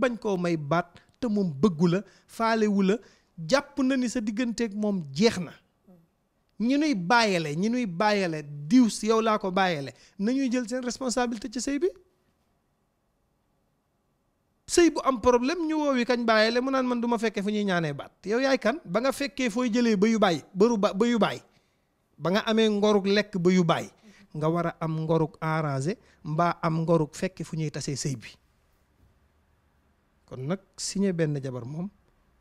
Speaker 2: bañ koo may baat te moom bëggu la faalewu la jàpp na ni sa diggante ak moom jeex na ñi nuy bàyyale ñi nuy bàyyale diw si yow laa ko bàyyale nañuy jël seen responsabilité ci sëy bi sëy bu am problème ñu woowi kañ bàyyee la mu naan man du ma fekkee fu ñuy ñaanee baat yow yaay kan ba nga fekkee fooy jëlee ba yu bàyyi bëru ba ba yu bàyyi ba nga amee ngoruk lekk ba yu bàyyi nga war a am ngoruk arrangé mbaa am ngoruk fekke fu ñuy tasee sëy bi kon nag signé benn jabar moom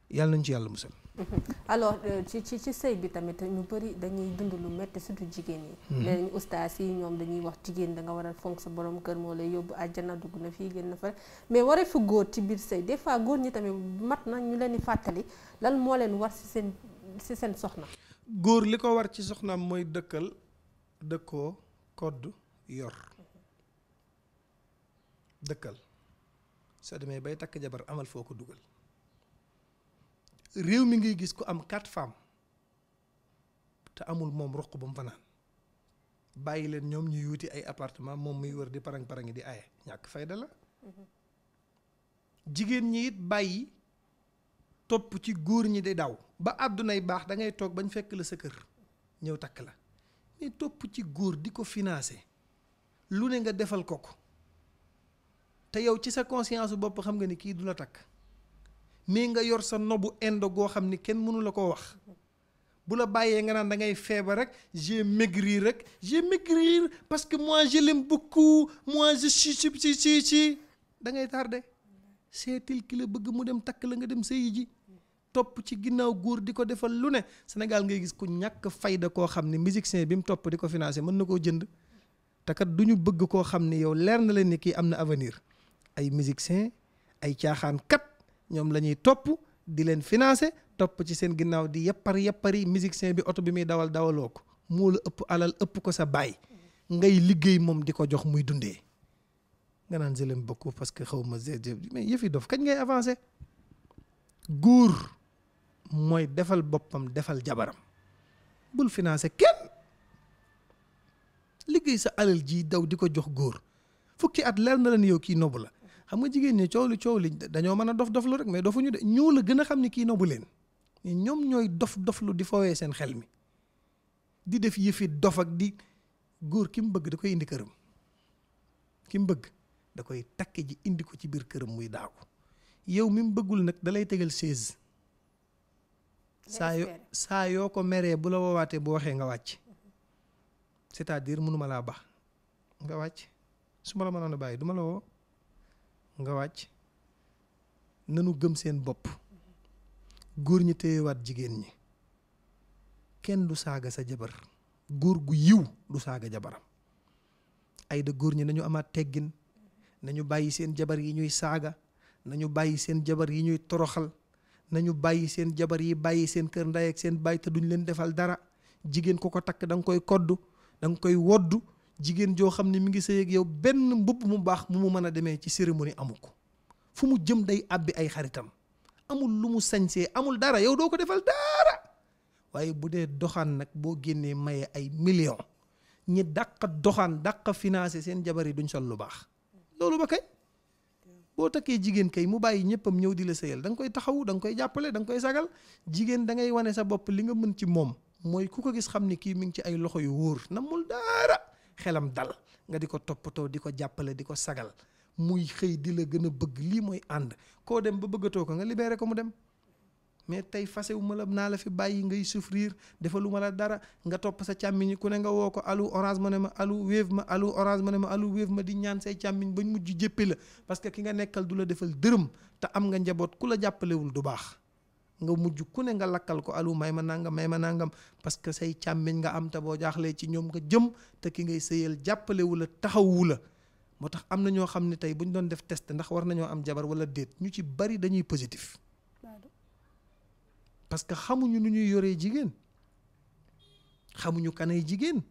Speaker 2: yàlla nañ ci yàlla musal
Speaker 1: Mm-hmm. alors euh, ci ci ci sëy bi tamit ñu bëri dañuy dund lu metti surtout jigéen yi mm-hmm. léeg nañu ustaas yi ñoom dañuy wax jigéen da nga war a fonk sa boroom kër moo la yóbbu àjjana dugg na fii génn na fa mais waree fi góor ci biir sëy des fois góor ñi tamit mat na ñu leen di fàttali lan moo leen war si seen si seen soxna
Speaker 2: góor li ko war ci soxnaam mooy dëkkal dëkkoo kodd yor dëkkal soo demee bay takk jabar amal foo ko dugal réew mi ngay gis ku am quatre femmes te amul moom roq ba fanaan bàyyi leen ñoom ñuy wuti ay appartement moom muy wër di parang parangi di aye ñàkk fayda la jigéen ñi it bàyyi topp ci góor ñi di daw ba àddunay baax da ngay toog bañ fekk la sa kër ñëw takk la mais topp ci góor di ko financé lu ne nga defal ko ko te yow ci sa conscience bopp xam nga ni kii du la takk mais nga yor sa nobu indo goo xam ni kenn mënu la koo wax bu la bàyyee nga naan da ngay feebar rek j'ai rek j'ai maigrir parce que moi je l'aime beaucoup moi je suis si si si si da ngay tardé seetil ki la bëgg mu dem takk la nga dem sëyi ji topp ci ginnaaw góor di ko defal lu ne Sénégal ngay gis ku ñàkk fayda koo xam ne musicien bi mu topp di ko financé mën na koo jënd te kat du ñu bëgg koo xam ne yow leer na leen ni kii am na avenir ay musicien ay caaxaan kat ñoom la ñuy topp di leen financer topp ci seen ginnaaw di yappar yappari musicien bi oto bi muy dawal dawaloo ko moo la ëpp alal ëpp ko sa baay ngay liggéey moom di ko jox muy dundee nga naan je l'aime beaucoup parce que xaw ma mais yëfi dof kañ ngay avancer góor mooy defal boppam defal jabaram bul financer kenn liggéey sa alal jii daw di ko jox góor fukki at leer na la ni yow kii nobu la xam nga jigéen ñi coow lu coow li dañoo mën a dof dof lu rek mais dofuñu de ñoo la gën a xam ni kii bu leen ñoom ñooy dof dof lu di fowee seen xel mi di def yëfi dof ak di góor ki mu bëgg da koy indi këram ki mu bëgg da koy takk ji indi ko ci biir këram muy daaw yow mi mu bëggul nag dalay lay tegal chaise saa yoo saa yoo ko meree bu la woowaatee bu waxee nga wàcc c'est-à-dire mënuma laa baax nga wàcc su ma la mënoon a bàyyi duma la woo nga wàcc nanu gëm seen bopp góor ñi téyewaat jigéen ñi kenn du saaga sa jabar góor gu yiw du saaga jabaram ay góor ñi nañu amaat teggin nañu bàyyi seen jabar yi ñuy saaga nañu bàyyi seen jabar yi ñuy toroxal nañu bàyyi seen jabar yi bàyyi seen kër ndey ak seen baay te duñ leen defal dara jigéen ku ko takk danga koy koddu da nga koy woddu jigéen joo xam ne mi ngi sëy ak yow benn mbubb mu baax mu mu mën a demee ci cérémonie amu ko fu mu jëm day àbbi ay xaritam amul lu mu sañsee amul dara yow doo ko defal dara waaye bu dee doxaan nag boo génnee maye ay million ñi dàq doxaan dàq financé seen jabar yi duñ sol lu baax loolu ba kay boo takkee jigéen kay mu bàyyi ñëppam ñëw di la sëyal da nga koy taxaw da nga koy jàppale danga koy sagal jigéen da ngay wane sa bopp li nga mën ci moom mooy ku ko gis xam ni kii mi ngi ci ay loxo yu wóor namul dara xelam dal nga di ko toppatoo di ko jàppale di ko sagal muy xëy di la gën a bëgg lii mooy ànd koo dem ba bëggatoo ko nga libéré ko mu dem mais tey fasewu ma la naa la fi bàyyi ngay souffrir defalu ma la dara nga topp sa càmmiñ ku ne nga woo ko alu orange ma ne ma alu wave ma alu orange ma ne ma alu wave ma di ñaan say càmmiñ bañ mujj jéppi la parce que ki nga nekkal du la defal dërëm te am nga njaboot ku la jàppalewul du baax nga mujj ku ne nga lakkal ko alu may ma nangam may ma nàngam parce que say càmmiñ nga am te boo jaaxlee ci ñoom nga jëm te ki ngay sëyal jàppalewula taxawu la moo tax am na ñoo xam ne tey bu ñu doon def test ndax war nañoo am jabar wala déet ñu ci bari dañuy positif parce que xamuñu nu ñuy yoree jigéen xamuñu kanay jigéen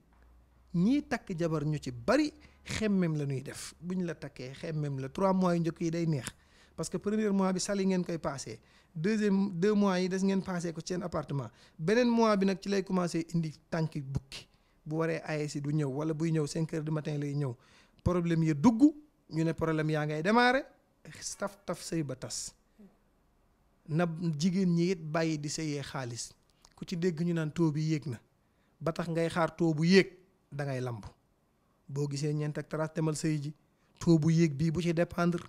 Speaker 2: ñii takk jabar ñu ci bari xemmem la ñuy def bu ñu la takkee xemmem la trois mois yu njëkk yi day neex parce que premier mois bi sali ngeen koy passé deuxième deux mois yi des ngeen passé ko seen appartement beneen mois bi nag ci lay commencé indi tànk bukki bu waree aye si du ñëw wala buy ñëw cinq heures du matin lay ñëw problème yi dugg ñu ne problème yaa ngay démarré taf taf say ba tas na jigéen ñi it bàyyi di sëyee xaalis ku ci dégg ñu naan taux bi yéeg na ba tax ngay xaar taux bu yéeg da ngay lamb boo gisee ñeent ak trace demal sëy ji taux bu yéeg bii bu ci dépendre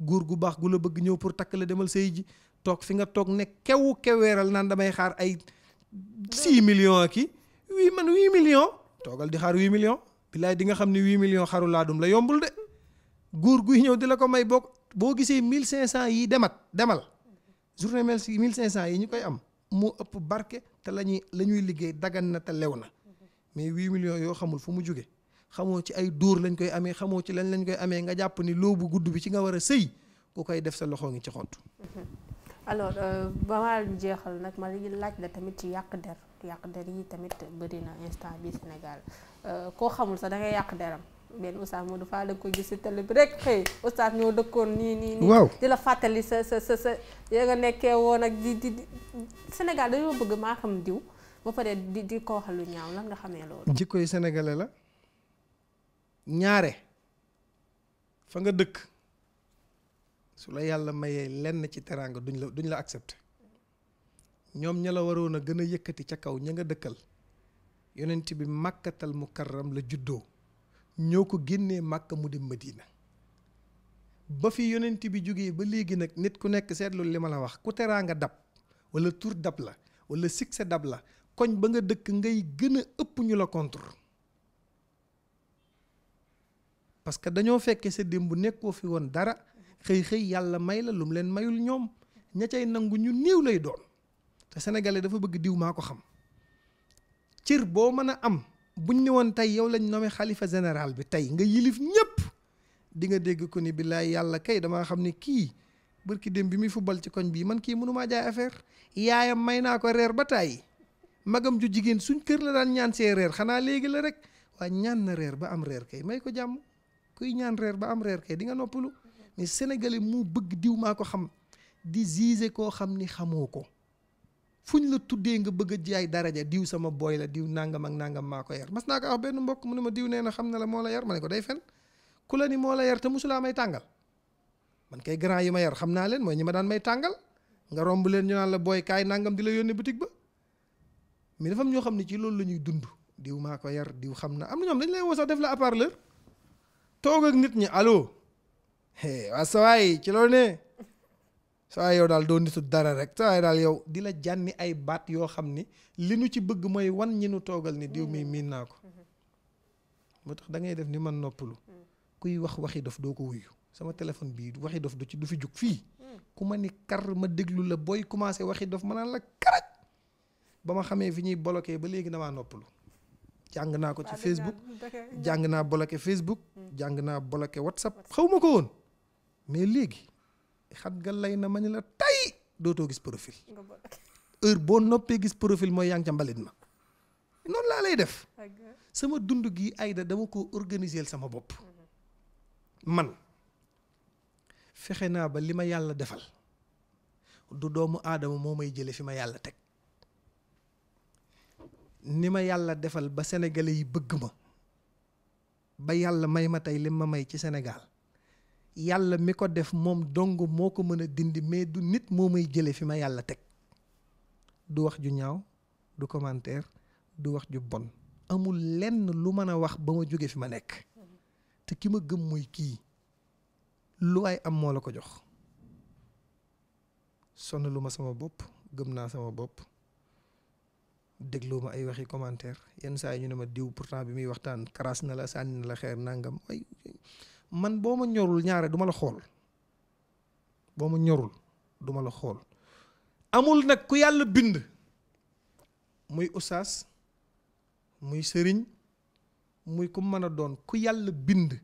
Speaker 2: góor gu baax gu la bëgg ñëw pour takk la demal sëy ji toog fi nga toog ne kew keweeral naan damay xaar ay six millions ak i huit man huit millions toogal di xaar huit million bilaay di nga xam ne huit million xaru laadum la yombul de góor guy ñëw di la ko may bokk boo gisee mille cinq cent yi demat demal journée mel si mille cinq cent yi ñu koy am mu ëpp barke te la ñuy la ñuy liggéey dagan na te lew na mais huit millions yoo xamul fu mu jóge xamoo ci ay dóor lañ koy amee xamoo ci lañ lañ koy amee nga jàpp ni loobu gudd bi ci nga war a sëy ku koy def sa loxo ngi ci xott.
Speaker 1: alors euh, ba jeexal nag ma laaj la tamit ci yàq der yàq der yi tamit bëri na instant bi Sénégal euh, koo xamul sax da ngay yàq deram benn oustaz Modou Fall da nga koy gis si télé bi rek xëy oustaz ñoo nii nii fàttali sa sa nga nekkee woon ak di di Sénégal bëgg maa xam ba pare di di ko wax lan nga xamee loolu.
Speaker 2: jikkoy sénégalais la. ñaare fa nga dëkk su la yàlla mayee lenn ci teraanga duñ la duñ la accepté ñoom ña la waroon a gën a yëkkati ca kaw ña nga dëkkal yonent bi màkkatal mukarram la juddoo ñoo ko génnee màkka mu dem madina ba fi yonent bi jógee ba léegi nag nit ku nekk seetlu li ma la wax ku teraanga dab wala tur dab la wala succès dab la koñ ba nga dëkk ngay gën a ëpp ñu la contre parce que dañoo fekkee sa démb bu nekkoo fi woon dara xëy xëy yàlla may la lum leen mayul ñoom ña cay nangu ñu néew lay doon te sénégalais dafa bëgg diw maa ko xam cër boo mën a am buñ ne woon tey yow lañ nommé xalifa général bi tey nga yilif ñëpp di nga dégg ko ni billaay yàlla kay dama xam ne kii bërki dem bi muy fubal ci koñ bii man kii mënumaa jaay affaire yaayam may naa ko reer ba tàyyi magam ju jigéen suñ kër la daan ñaan see reer xanaa léegi la rek waaye ñaan ba am reer kay may kuy ñaan reer ba am reer kay di nga lu mais sénégalais mu bëgg diw maa ko xam di zise koo xam ni xamoo ko fu ñu la tuddee nga bëgg a jaay daraja diw sama booy la diw nangam ak nangam maa ko yar mas naa ko wax benn mbokk mu ne ma diw nee na xam la moo la yar ma ne ko day fen ku la ni moo la yar te may tàngal man kay grand yi ma xam naa leen mooy ñi ma daan may tàngal nga romb leen ñu naan la booy kaay nangam di la yónnee boutique ba mais dafa ñoo xam ne ci loolu la ñuy dund diw maa ko yar diw xam na am na ñoom dañ lay woo sax def la à toog ak nit ñi aloo waa sawaay ci loolu ne sawaay yow daal doo nitu dara rek sawaay daal yow di la jànni ay baat yoo xam ni li nu ci bëgg mooy wan ñi nu toogal ni diw mi mm. miin naa ko moo tax da ngay def ni man noppalu mm. kuy wax waxi dof doo ko wuyu sama téléphone bii waxi dof du ci du fi jug fii mm. ku ma ni kar ma déglu la booy commencé waxi dof ma naan la karaj ba ma xamee fi ñuy bloqué ba léegi na damaa noppalu jàng naa ko ci Facebook jàng naa bloqué Facebook hmm. jàng naa bloqué WhatsApp xaw ma ko woon mais léegi xat nga lay na ma ne la tay dootoo gis profil heure boo noppee gis profil mooy yaa ngi ca mbalit ma noonu laa lay def sama dund gi ayda dama ko organiser sama bopp hmm. man fexe naa ba li ma yàlla defal du doomu aadama moo may jële fi ma yàlla teg ni ma yàlla defal ba sénégalais yi bëgg ma ba yàlla may ma tey li ma may ci senegaal yàlla mi ko def moom dong moo ko mën a dindi mais du nit moo may jëlee fi ma yàlla teg du wax ju ñaaw du commentaire du wax ju bon amul lenn lu mën a wax ba ma jóge fi ma nekk te ki ma gëm muy kii lu ay am moo la ko jox sonn lu ma sama bopp gëm naa sama bopp dégloo ma ay waxi commentaire yenn saa yi ñu ne ma diw pourtant bi muy waxtaan karaas na la sànni na la xeer nangam ay man boo ma ñorul ñaare duma la xool boo ma ñorul duma la xool amul nag ku yàlla bind muy ustaas muy sëriñ muy ku mën a doon ku yàlla bind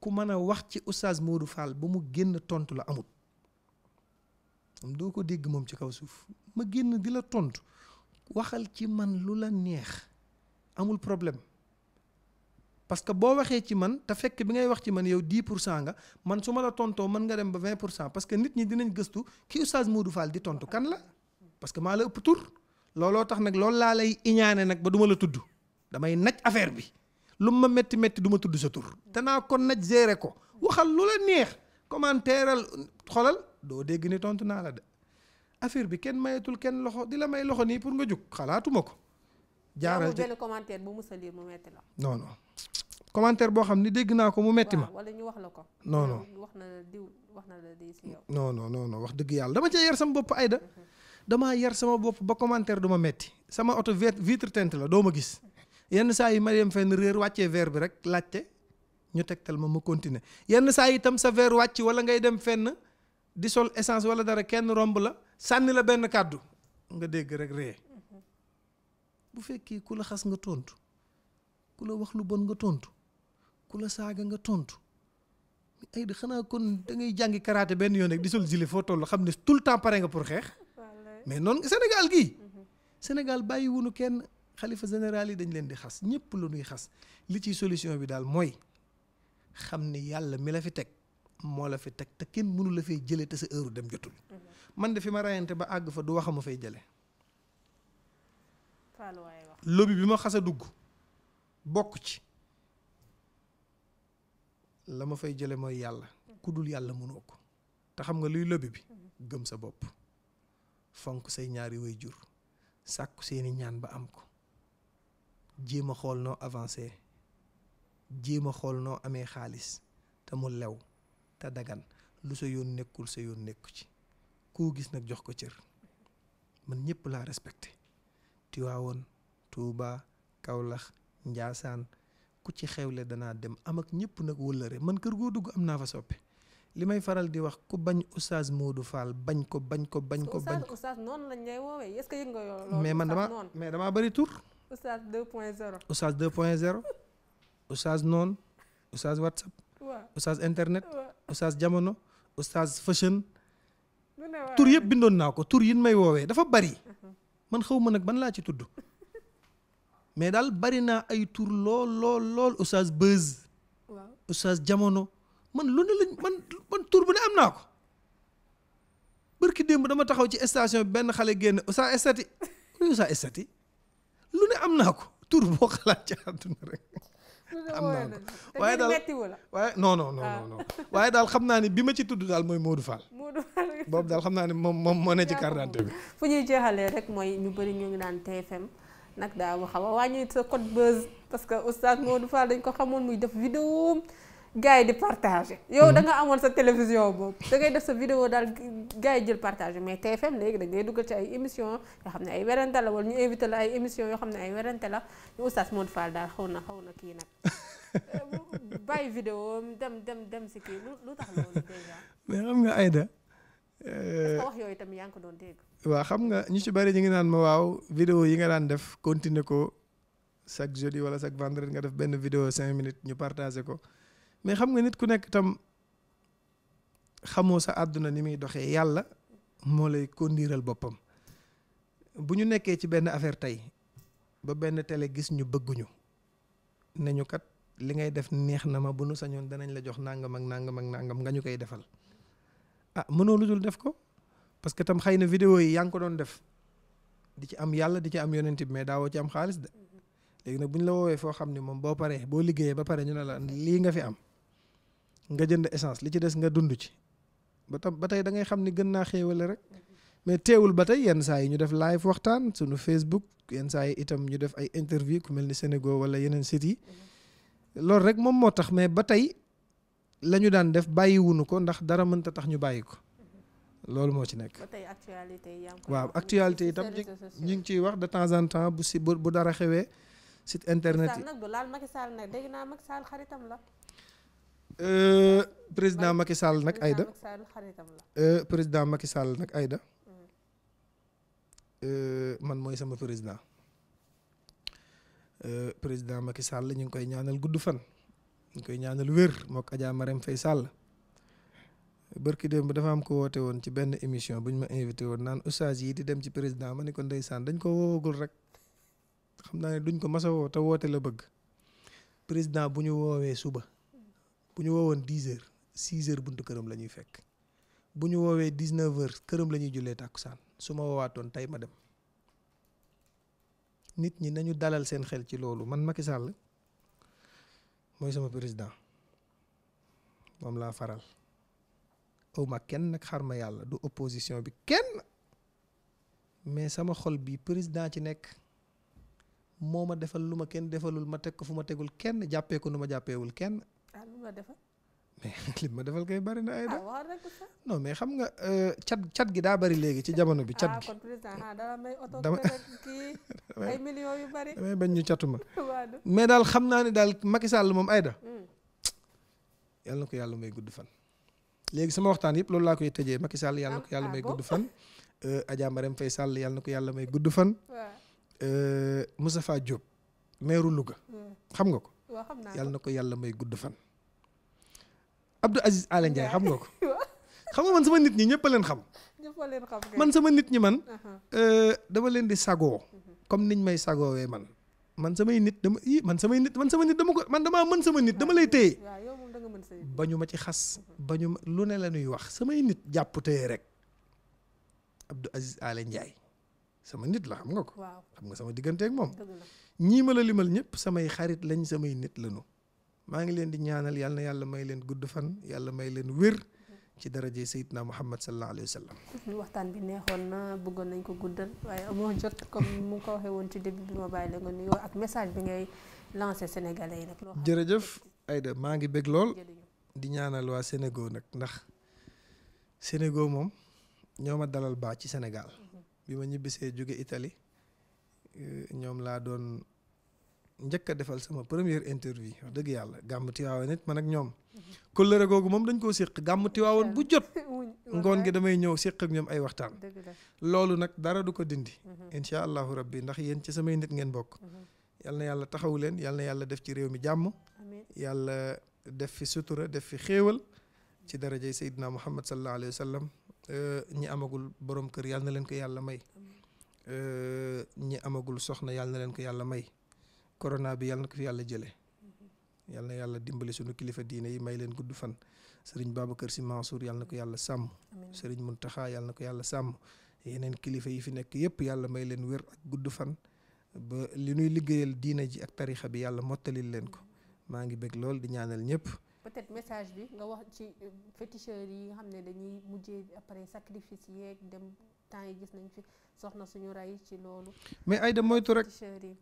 Speaker 2: ku mën a wax ci ustaas Modou Fall ba mu génn tontu la amut moom doo ko dégg moom ci kaw suuf ma génn di la tontu waxal ci man lu la neex amul problème parce que boo waxee ci man te fekk bi ngay wax ci man yow 10 pour cent nga man su ma la tontoo mën nga dem ba 20 pour cent parce que nit ñi dinañ gëstu ki oustaz Modou Fall di tontu kan la parce que maa la ëpp tur looloo tax nag loolu laa lay iñaane nag ba du ma la tudd damay naj affaire bi lu ma métti métti du ma tudd sa tur danaa kon naj gérer ko waxal lu la neex commentéeral xolal doo dégg ni tontu naa la de affaire bi kenn mayatul kenn loxo di la may loxo nii pour nga jug xalaatuma ko. jaaral ci benn
Speaker 1: commentaire bu musa lire mu metti
Speaker 2: la. boo xam ni dégg naa ko mu metti ma. wala
Speaker 1: ñu wax la ko. non wax na diw wax na la
Speaker 2: diw si yow. non wax dëgg yàlla dama cee yar sama bopp Aïda. Mhm. damaa yar sama bopp ba commentaire du ma metti sama oto vitre teinte la doo ma gis yenn saa yi ma dem fenn réer wàccee verre bi rek laajte ñu teg tegtal ma ma continuer yenn saa yi itam sa verre wàcc wala ngay dem fenn. di sol essence wala dara kenn romb la sànni la benn kàddu nga dégg rek ree bu fekkee ku la xas nga tontu ku la wax lu bon nga tontu ku la saaga nga tontu ay di xanaa kon da ngay jàngi karaate benn yoon rek di sol gilet foo toll xam ne tout le temps pare nga pour xeex mais noonu Sénégal gii mhm. Sénégal bàyyi wunu kenn xalifa général yi dañ leen di xas ñëpp la ñuy xas li ciy solution bi daal mooy xam ni yàlla mi la fi teg moo la fi teg te kenn mënu la fay jëlee te sa heure dem jotul. Mhm. man de fi ma rayante ba àgg fa du wax ma fay jëlee. lobby bi ma xas a dugg bokk ci la ma fay jëlee mooy yàlla mhm. ku dul yàlla mënoo ko te xam nga luy lobby bi mhm. gëm sa bopp fonk say ñaari way jur sàkku seeni ñaan ba am ko jéem a xool noo avancé jéem a xool noo amee xaalis te mu lew te dagan lu sa yoon nekkul sa yoon nekku ci koo gis nag jox ko cër man ñëpp laa respecté Tiwaawoon Tuuba Kawlax Njaasaan ku ci xewle danaa dem am ak ñëpp nag wëllëre man kër goo dugg am naa fa soppe li may faral di wax ku bañ Oustaz Modou Fall bañ ko bañ ko bañ ko bañ ko
Speaker 1: Oustaz noonu lañ lay woowee est-ce que yëg nga loolu mais man dama
Speaker 2: mais damaa bëri tur
Speaker 1: Oustaz 2.0
Speaker 2: Oustaz 2.0 Oustaz noonu Oustaz WhatsApp Oustaz internet oustaz jamono oustaz fashion tur yëpp bindoon naa ko tur yin may woowee dafa bari man xaw ma nag ban laa ci tudd mais daal bari naa ay tur lool lool lool oustaz buzz oustaz jamono man lu ne lañ man tur bu ne am naa ko barki démb dama taxaw ci station benn xale génn oustaz estati lu ne am naa ko tur boo xalaat ci àdduna rek
Speaker 1: am naa ko waaye daal
Speaker 2: waaye non non ah. non non waaye daal xam naa ni bi ma ci tudd daal mooy Modou Fall. Modou Fall boobu daal xam naa ne moom moom moo ne ci carte d'identité bi.
Speaker 1: fu ñuy jeexalee rek mooy ñu bëri ñu ngi naan TFM nag daa ma xam a wàññi sa code buzz parce que oustaz Modou Fall dañ ko xamoon muy def vidéo gars yi di partager. yow da mhm. nga amoon sa télévision boobu da ngay def sa vidéo daal gars jël partage mais TFM léegi dañ lay duggal ci ay émission yoo xam ne ay werante la wala ñu invité la émission yoo xam ne ay werante la ñu oustaz Modou Fall daal xaw na xaw na kii nag
Speaker 2: bàyyi vidéo
Speaker 1: dem dem dem si kii lu tax
Speaker 2: mais xam nga Aïda. Euh, wax yooyu
Speaker 1: tam yaa ngi ko doon dégg.
Speaker 2: waaw xam nga ñu ci bari ñu ngi naan ma waaw vidéo yi nga daan def continuer ko chaque jeudi wala chaque vendredi nga def benn vidéo cinq minutes ñu partagé ko. mais xam nga nit ku nekk tam xamoo sa àdduna ni muy doxee yàlla moo lay kondiiral boppam bu ñu nekkee ci benn affaire tey ba benn télé gis ñu bëgguñu nañu kat li ngay def neex na ma bu nu sañoon danañ la jox nangam ak nangam ak nangam nga ñu koy defal ah mënoo lu dul def ko parce que tam xay na vidéo yi yaa ngi ko doon def di ci am yàlla di ci am yonent bi mais daawoo ci am xaalis de léegi nag bu ñu la woowee foo xam ne moom boo paree boo liggéeyee ba pare ñu ne la lii nga fi am nga jënd essence li ci des nga dund ci ba tam ba tey da ngay xam ni gën naa xéewale rek mais teewul ba tey yenn saa yi ñu def live waxtaan suñu Facebook yenn saa yi itam ñu def ay interview ku mel ni Sénégal wala yeneen sites yi loolu rek moom moo tax mais ba tey lañu daan def bàyyi bàyyiwunu ko ndax dara mënta tax ñu bàyyi ko loolu moo ci nekk. ba
Speaker 1: tey actualité yi waaw actualité yi tam ñu ngi
Speaker 2: ciy wax de temps en temps bu si bu dara xewee site internet yi. Macky
Speaker 1: Sall laal Macky Sall nag dégg naa Macky Sall xaritam la.
Speaker 2: président Macky Sall nag ayda président Macky Sall nag Aïda euh, mm. euh, man mooy sama président euh, président Macky Sall ñu ngi koy ñaanal gudd fan ñu koy ñaanal wér mook Adja fay Faye Sall barki démb dafa am ko woote woon ci benn émission bu ñu ma invité woon naan oustaz yi di dem ci président ma ne ko ndeysaan dañ ko gul rek xam naa ne duñ ko mas a te woote la bëgg président bu ñu woowee suba bu ñu woowoon dix heures six heures buntu këram la ñuy fekk bu ñu woowee dix neuf heures këram la ñuy jullee tàkkusaan su ma woowaatoon tey ma dem nit ñi nañu dalal seen xel ci loolu man Macky Sall mooy sama président moom laa faral awma kenn nag xar ma yàlla du opposition bi kenn mais sama xol bi président ci nekk moom ma defal lu ma kenn defalul ma teg ko fu ma tegul kenn jàppee ko nu ma jàppeewul kenn lu ma defal koy bari na ay da ah, mais xam nga euh, cat cat gi daa bari léegi ci jamono bi cat ah, gi ah, dama damay bañ ñu catuma mais daal xam naa ne daal Macky Sall moom ayda da hmm. na ko yàlla may gudd fan léegi sama waxtaan yëpp loolu laa koy tëjee Macky yàlla ko yàlla may gudd fan euh, Adja Marème Faye Sall yàlla na ko yàlla may gudd fan euh, Moustapha Diop maire Louga hmm. xam nga ko yàlla na ko yàlla may gudd fan Abdou Aziz Ala Ndiaye xam ko xam nga man sama nit ñi ñëpp a leen xam.
Speaker 1: leen xam man sama nit ñi man. Uh-huh.
Speaker 2: Euh, dama leen di sagoo. Uh-huh. comme niñ may sagoowee man. man samay nit dama man samay nit man sama nit dama ko man damaa mën sama nit dama lay téye. ba ñu ma ci xas. Uh-huh. ba ma lu ne la ñuy wax samay nit jàpp rek Abdou Ndiaye sama nit la xam nga ko. xam nga sama digganteeg moom. ñii ma la limal ñëpp samay xarit lañ samay nit lañu. maa ngi leen di ñaanal yàlla yàlla may leen gudd fan yàlla may leen wér ci daraje Seydina Muhammad sallallahu alayhi wa sallam.
Speaker 1: waxtaan bi neexoon na bëggoon nañ ko guddal waaye amoo jot comme mu ko waxee woon ci début bi ma bàyyi la nga nuyoo ak message bi ngay lancé sénégalais yi nag.
Speaker 2: jërëjëf Aïda maa ngi bég lool di ñaanal waa Sénégal nag ndax Sénégal moom ñoo dalal baax ci Sénégal mhm. bi ma ñibbisee jóge Italie euh, ñoom laa doon. njëkk a defal sama première interview dëgg yàlla gàmm tiwaawoon nit man ak ñoom kóllëre googu moom dañ koo séq gàmm tiwaawoon bu jot ngoon gi damay ñëw séq ak ñoom ay waxtaan loolu nag dara du ko dindi mhm. incha allahu rabbi ndax yéen ci samay nit ngeen bokk mhm. yal na yàlla taxawu leen yal na yàlla def ci réew mi jàmm yàlla def fi sutura def fi xéewal ci darajay Seydina Muhammad sallallahu alayhi wa sallam ñi amagul borom kër yal na leen ko yàlla may ñi amagul soxna yal na leen ko yàlla may corona bi yàlla na ko fi yàlla jëlee yàlla na yàlla dimbali sunu kilifa diine yi may leen gudd fan sëriñ Babacar Sy Mansour yàlla na ko yàlla sàmm. sëriñ Mountakha yàlla na ko yàlla sàmm. yeneen kilifa yi fi nekk yëpp yàlla may leen wér ak gudd fan ba li nuy liggéeyal diine ji ak tarixa bi yàlla mottalil leen ko maa ngi bëgg lool di ñaanal ñëpp.
Speaker 1: peut-être message bi nga wax ci féticheurs yi nga xam ne dañuy mujjee après sacrifice yeeg dem. temps yi gis nañ fi soxna suñu rey ci loolu.
Speaker 2: mais Aïda moytu rek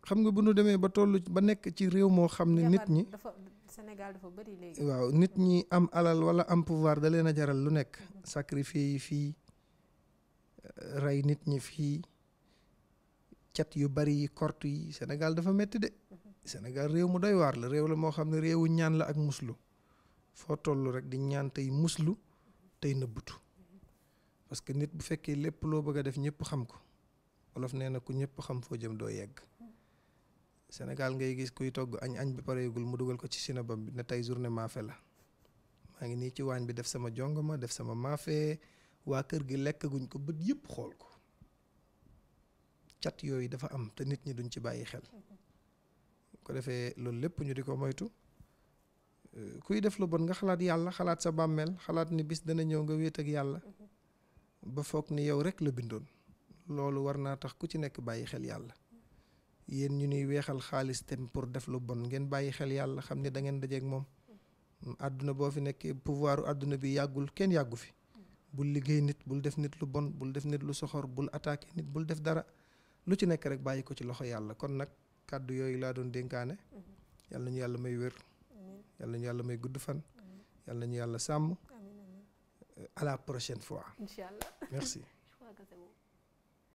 Speaker 2: xam nga bu ñu demee ba toll ba nekk ci réew moo xam ne nit ñi. dafa Sénégal dafa waaw nit ñi am alal wala am pouvoir da leen a jaral lu nekk. Mhm. sacrifice yi fii euh, rey nit ñi fi cat yu bari yi kort yi senegal dafa métti de. Mhm. senegal réew mu doy waar la réew la moo xam ne réewu ñaan la ak muslu foo toll rek di ñaan tey muslu tey nëbbutu. parce que nit bu fekkee lépp loo bëgg a def ñëpp xam ko olof nee na ku ñëpp xam foo jëm doo yegg Sénégal ngay gis kuy togg añ añ bi pareegul mu dugal ko ci sinabam bi ne tey journée maafe la maa ngi nii ci waañ bi def sama jongoma def sama maafe waa kër gi lekk guñ ko bët yëpp xool ko cat yooyu dafa am te nit ñi duñ ci bàyyi xel ko defee loolu lépp ñu di ko moytu kuy def lu bon nga xalaat yàlla xalaat sa bàmmeel xalaat ni bis dana ñëw nga wéet ak yàlla ba foog ni yow rek la bindoon loolu war naa tax ku ci nekk bàyyi xel yàlla yéen ñu nuy weexal xaalis tem pour def lu bon ngeen bàyyi xel yàlla xam ne dangeen ngeen moom àdduna boo fi nekkee pouvoiru àdduna bi yàggul kenn yàggu fi bul liggéey nit bul def nit lu bon bul def nit lu soxor bul attaqué nit bul def dara lu ci nekk rek bàyyi ko ci loxo yàlla kon nag kàddu yooyu laa doon dénkaane mhm. yàlla ñu yàlla may wér yàlla ñu yàlla may gudd fan yàlla à la prochaine fois.
Speaker 1: Inch'Allah. Merci.